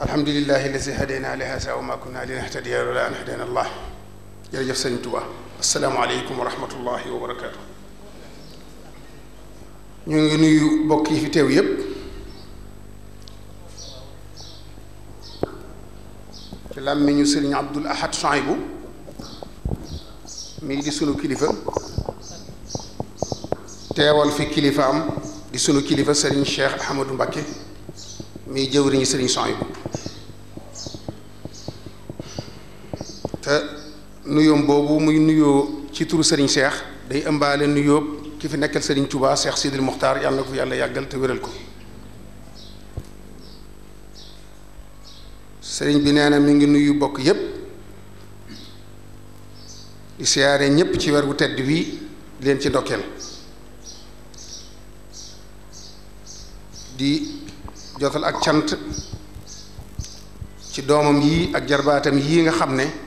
الحمد لله الذي هدينا لهذا وما كنا لنهتدي لولا ان هدينا الله يا جفسن توا السلام عليكم ورحمه الله وبركاته نيغي نيو بوكي في تيو ييب لامي نيو سيرن عبد الاحد صايب مي دي سونو كليفه تيوال في كليفه ام دي سونو كليفه سيرن شيخ احمد مبكي مي جيوري سيرن صايب nuyoom boobu muy nuyoo ci turu Serigne Cheikh day ëmbaale nuyoo ki fi nekkal sëriñ Touba Cheikh Sidil Mokhtar yàlla na ko yàlla yàggal te wéral ko Serigne bi nee na mi ngi nuyu bokk yépp di siyaare ñépp ci weer wu tedd wi leen ci ndokkeel di jotal ak cant ci doomam yii ak jarbaatam yii nga xam ne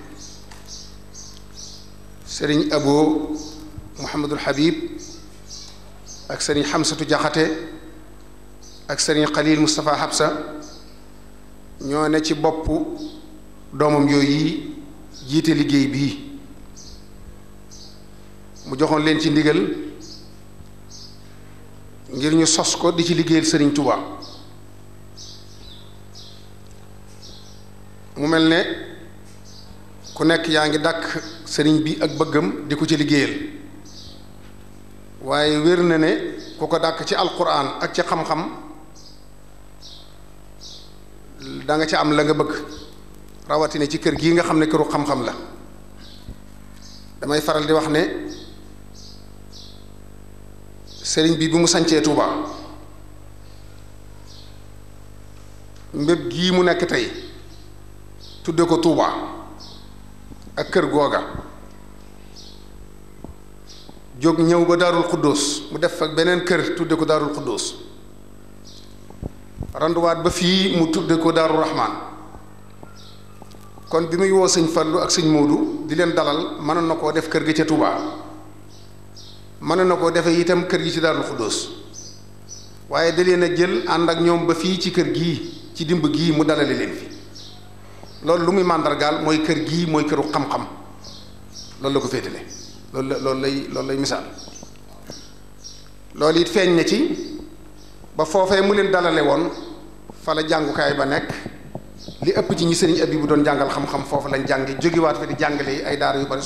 sëriñ Abo Mouhamadul Habib ak sëriñ Xamsatu Jaxate ak sëriñ Xalil Moustapha Habsa ñoo ne ci bopp doomam yooyu yi jiite liggéey bii mu joxoon leen ci ndigal ngir ñu sos ko di ci liggéeyal sëriñ Touba mu mel ne ku nekk yaa ngi dàkk sëriñ bi ak bëggam di ko ci liggéeyal waaye wér na ne ku ko dàkk ci alquran ak ci xam-xam da nga ci am la nga bëgg rawatina ci kër gi nga xam ne këru xam-xam la damay faral di wax ne sëriñ bi bi mu sancee Touba mbéb gii mu nekk tey tudde ko Touba. ak kër googa jóg ñëw ba daarul xuddoos mu def ak beneen kër tudde ko daarul xuddoos randuwaat ba fii mu tudde ko daarul raxmaan kon bi muy woo sëñ Fallu ak sëñ Moodu di leen dalal mënoon na koo def kër gi ca mën mënoon na koo defee itam kër gi ci daarul xuddoos waaye da leen a jël ànd ak ñoom ba fii ci kër gii ci dimb gii mu dalale leen fi loolu lu muy màndargaal mooy kër gii mooy këru xam-xam loolu la ko féetale loolu la lool lay loolu lay misaal loolu it feeñ na ci ba foofee mu leen dalale woon fa la jàngukaay ba nekk li ëpp ci ñi sëriñ abi bu doon jàngal xam-xam foofu lañ jàngi jógewaat fa di jàngale yi ay daara yu bari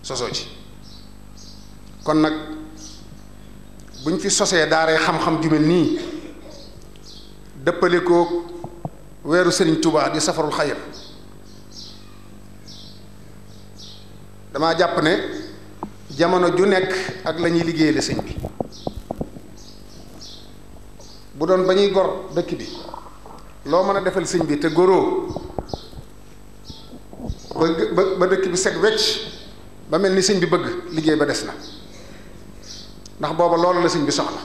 sosoo ci kon nag buñ fi sosee daaray xam-xam ju nii dëppale ko weeru sëriñ tubaa di safarul xayr damaa jàpp ne jamono ju nekk ak la ñuy liggéeyale sëñ bi bu doon ba ñuy gor dëkk bi loo mën a defal sëñ bi te góoroo ba ba dëkk bi set wecc ba mel ni sëñ bi bëgg liggéey ba des na ndax booba loolu la sëñ bi soxla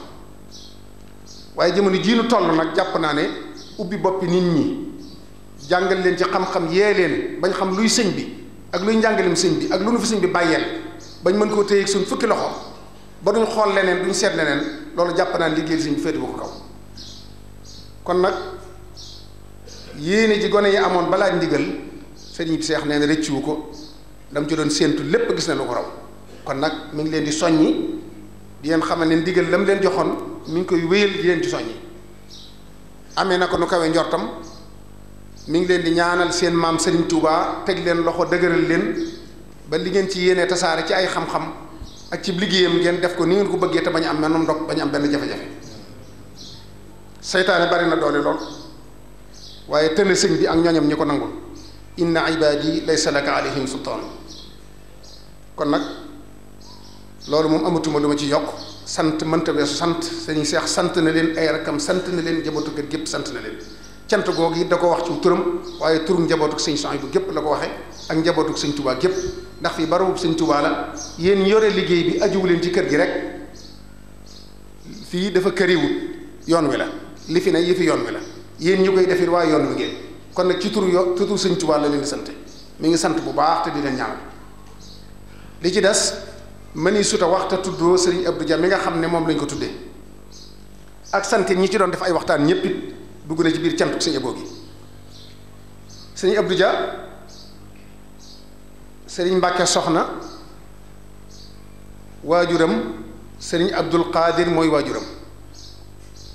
waaye jamono jii nu toll nag jàpp naa ne ubbi boppi nit ñi jàngal leen ci xam-xam yee leen bañ xam luy sëñ bi ak luy njàngaleem sëñ bi ak lu nu fi sëñ bi bàyyeel bañ mën koo téye suñ fukki loxo ba duñ xool leneen duñ seet leneen loolu jàpp naa liggéeyal sëñ bi bu ko kaw kon nag yéene ji gone yi amoon balaa ndigal sëriñ bi seex nee na rëcciwu ko dama ci doon séentu lépp gis na lu ko raw kon nag mu ngi leen di soññi di leen xamal ne ndigal la mu leen joxoon mi ngi koy wéyal di leen ci soññi amee na ko nu kawee njortam mu ngi leen di ñaanal seen maam Serigne Touba teg leen loxo dëgëral leen ba li ngeen ci yéenee tasaare ci ay xam-xam ak ci liggéeyam ngeen def ko ni ngeen ko bëggee te bañ am menum ndog bañ am benn jafe-jafe seytaane bari na doole lool waaye tëne sëñ bi ak ñoñam ñi ko nangul inna ibadi laysa laka alayhim sultaan kon nag loolu moom amatuma lu ma ci yokk sant mënta weesu sant sëñ Cheikh sant na leen ay rakkam sant na leen njabootu kër gépp sant na leen cant googu it da ko wax ci turam waaye turum njabootu sëñ sang bu gépp la ko waxee ak njabootu sëñ Touba gépp ndax fi barabu sëñ Touba la yéen yore liggéey bi ajuwu leen ci kër gi rek fii dafa këriwut yoon wi la li fi ne yi fi yoon wi la yéen ñu koy defit waaye yoon wi ngeen kon nag ci tur yo ci tur sëñ Touba la leen sante sant ngi sant bu baax te di leen ñaanal li ci des mëni suta waxta tuddoo sëriñ Abdou Dia mi nga xam ne moom lañ ko tuddee ak santin ñi ci doon def ay waxtaan ñëpp it dugg na ci biir cantuk sëñ Abo gi sëriñ Abdou Dia sëriñ Mbàkke soxna waajuram sëriñ Abdul Qadir mooy waajuram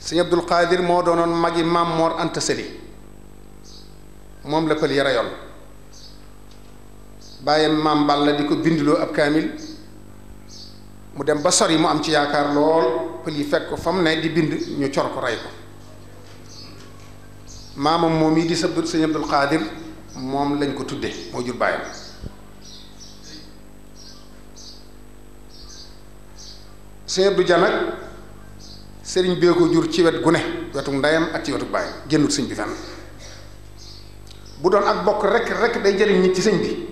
sëriñ Abdul Qadir moo doonoon magi maam Mor Anta Sali moom la pël ya rayoon bàyyam maam Balla di ko bindiloo ab kaamil mu dem ba sori mu am ci yaakaar lool pël yi fekk ko fa mu ne di bind ñu cor ko rey ko maamam moom yi di sa sëñ Abdul Xaadir moom lañ ko tudde moo jur bàyyam sëñ Abdou Dia sëriñ bee ko jur ci wet gu ne wetu ndeyam ak ci wetu bàyyam génnut sëñ bi fenn bu doon ak bokk rekk rekk day jëriñ ci sëñ bi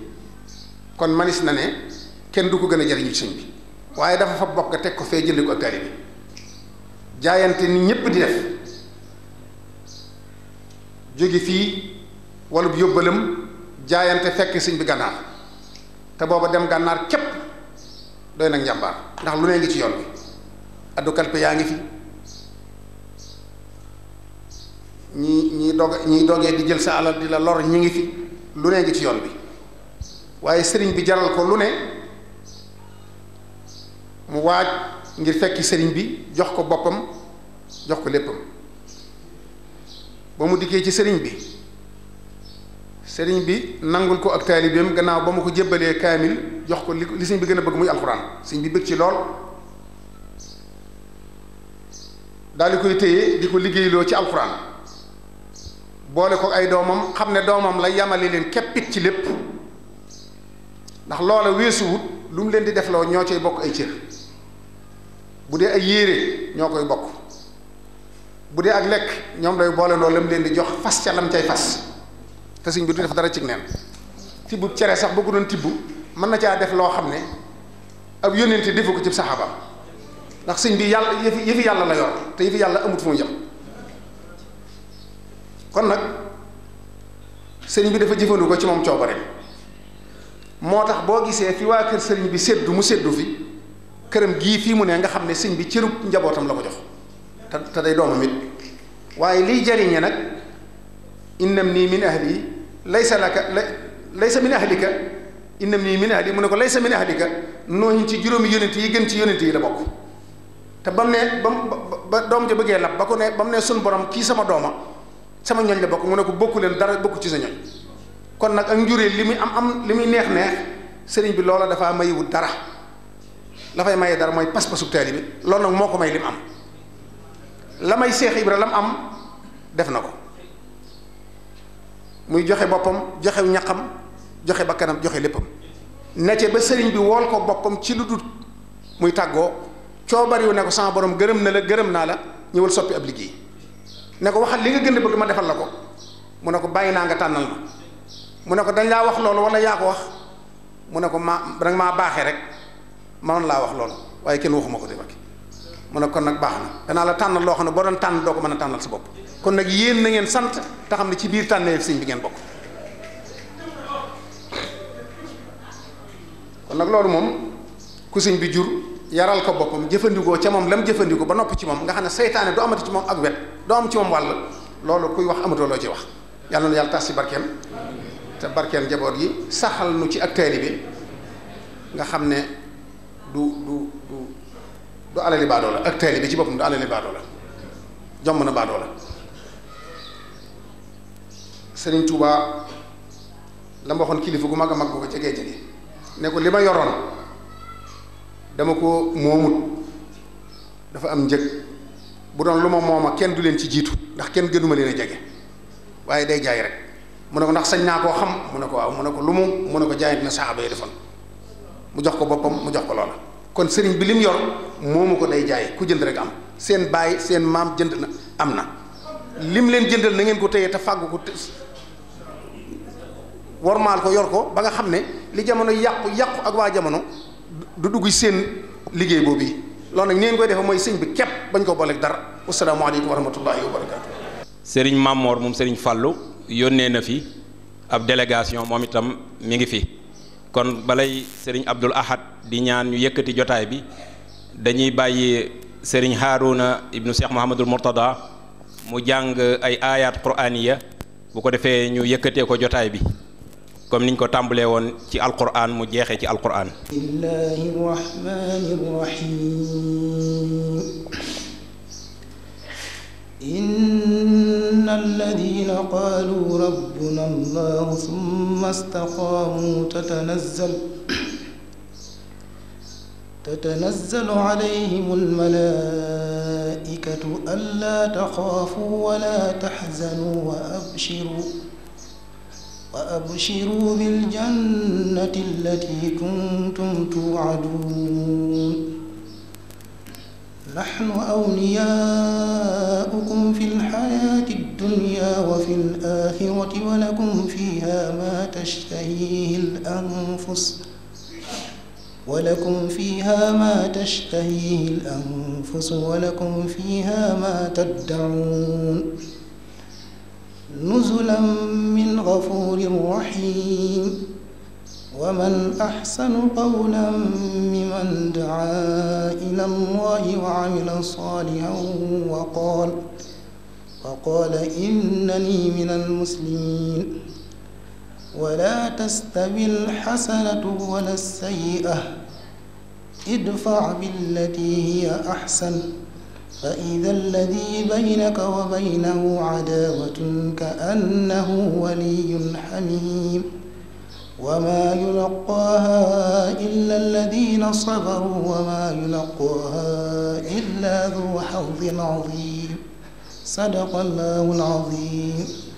kon manis na ne kenn du ko gën a jëriñu ci sëñ bi waaye dafa fa bokk teg ko fee jënd ko ak taalibe jaayante ni ñépp di def jóge fii walla bu yóbbalam jaayante fekk sëñ bi gànnaar te booba dem gànnaar képp doy nag njàmbaar ndax lu ne ngi ci yoon bi addu kalpe yaa ngi fi ñi ñi doge ñi dogee di jël sa alal di la lor ñu ngi fi lu ne ngi ci yoon bi waaye sëriñ bi jaral ko lu ne mu waaj ngir fekki sëriñ bi jox ko boppam jox ko léppam ba mu dikkee ci sëriñ bi sëriñ bi nangul ko ak taalibeem gannaaw ba mu ko jébbalee kaamil jox ko li li sëriñ bi gën a bëgg muy alxuraan sëriñ bi bëgg ci lool daal di koy téye di ko liggéeyloo ci alxuraan boole ko ay doomam xam ne doomam la yamale leen keppit ci lépp ndax loola weesuwut lu mu leen di defloo ñoo cay bokk ay cër bu dee ay yéere ñoo koy bokk bu dee ak lekk ñoom lay boole loolu la mu leen di jox fas ca lam cay fas te suñ bi du def dara cig neen tibb cere sax bu doon tibb mën na caa def loo xam ne ab yónnente defu ko ci saxaaba ndax sëñ bi yàlla yëfi yëfi yàlla la yoon te yëfi yàlla amut fu mu jëm kon nag sëriñ bi dafa jëfandu ko ci moom coobare moo tax boo gisee fi waa kër sëriñ bi seddu mu seddu fi këram gii fii mu ne nga xam ne sëñ bi cërub njabootam la ko jox te te day doomam it waaye liy jariñe nag innam nii min ahli laysa laka laysa min ahlika innam nii min ahli mu ne ko laysa min ahlika noohin ci juróomi yonent yi gën ci yonent yi la bokk te ba mu ne ba ba doom ja bëggee lab ba ko ne bam ne sun borom kii sama dooma sama ñooñ la bokk mu ne ko bokku leen dara bokku ci sa ñooñ kon nag ak njuree li muy am am li muy neex neex sëriñ bi loola dafa mayiwu dara la fay maye dara mooy pas-pasu taalibe loolu nag moo ko may lim am la may Seex Ibra lam am def na ko muy joxe boppam joxe ñaqam joxe ba kanam joxe léppam ne ba sëriñ bi wool ko boppam ci lu dut muy tàggoo coobariwu ne ko sama borom gërëm na la gërëm naa la ñëwal soppi ab liggéey ne ko waxal li nga gën a bëgg ma defal la ko mu ne ko bàyyi naa nga tànnal ma mu ne ko dañ laa wax loolu walla yaa ko wax mu ne ko maa danga maa baaxee rek manoon laa wax loolu waaye kenn waxuma ko de Mbàkke mu ne kon nag baax na danaa la tànnal loo xam ne boo doon tànn doo ko mën a tànnal sa bopp kon nag yéen na ngeen sant te xam ci biir tànneef sëñ bi ngeen bokk nag loolu moom ku sëñ bi jur yaral ko boppam jëfandikoo ca moom lam jëfandikoo ba noppi ci moom nga xam ne seytaane du amati ci moom ak wet doo am ci moom wàll loolu kuy wax amatoo loo ci wax yàlla na yàlla tas ci barkeem te barkeem jaboot yi saxal nu ci ak taalibe bi nga xam ne du du du du alali baadoo la ak taalibe bi ci boppam du alali baadoo la jomb na baadoo la Sëriñ Tuubaa la ma kilifa gu mag a mag bu ko jegee jege ne ko li ma yoroon dama ko moomut dafa am njëg bu doon lu ma mooma kenn du leen ci jiitu ndax kenn gënuma leen a jege waaye day jaay rek mun ne ko ndax sañ naa koo xam mu ne ko waaw mu ne ko lu mu mu ne ko jaayit na saaba defoon mu jox ko boppam mu jox ko loola kon sëriñ bi lim yor moomu ko day jaay ku jënd rek am seen baay seen maam jënd na am na lim leen jëndal na ngeen ko téye te fàggu ko wormaal ko yor ko ba nga xam ne li jamono yàqu yàqu ak waa jamono du dugg seen liggéey boobu loolu nag ni koy defee mooy sëñ bi képp bañ ko booleeg dara asalaamaaleykum wa rahmatullahi wa barakaatu. sëriñ Mamor moom sëriñ Fallou yónnee na fi ab délégation moom itam mi ngi fi. kon balay sëriñ Abdul Ahad di ñaan ñu yëkkati jotaay bi dañuy bàyyi sëriñ Haaruna ibnu Cheikh Mouhamadul Mourtada mu jàng ay ayat quraaniya bu ko defee ñu yëkkatee ko jotaay bi comme niñ ko tàmbalee woon ci alquran mu jeexee ci alquran. bismillahi rahmaani rahim. إن الذين قالوا ربنا الله ثم استقاموا تتنزل تتنزل عليهم الملائكة ألا تخافوا ولا تحزنوا وأبشروا وأبشروا بالجنة التي كنتم توعدون نحن أولياؤكم في الحياة الدنيا وفي الآخرة ولكم فيها ما تشتهي الأنفس ولكم فيها ما تشتهيه الأنفس ولكم فيها ما تدعون نزلا من غفور رحيم ومن أحسن قولا ممن دعا إلى الله وعمل صالحا وقال وقال إنني من المسلمين ولا تستوي الحسنة ولا السيئة ادفع بالتي هي أحسن فإذا الذي بينك وبينه عداوة كأنه ولي حميم وما يلقاها إلا الذين صبروا وما يلقاها إلا ذو حظ عظيم صدق الله العظيم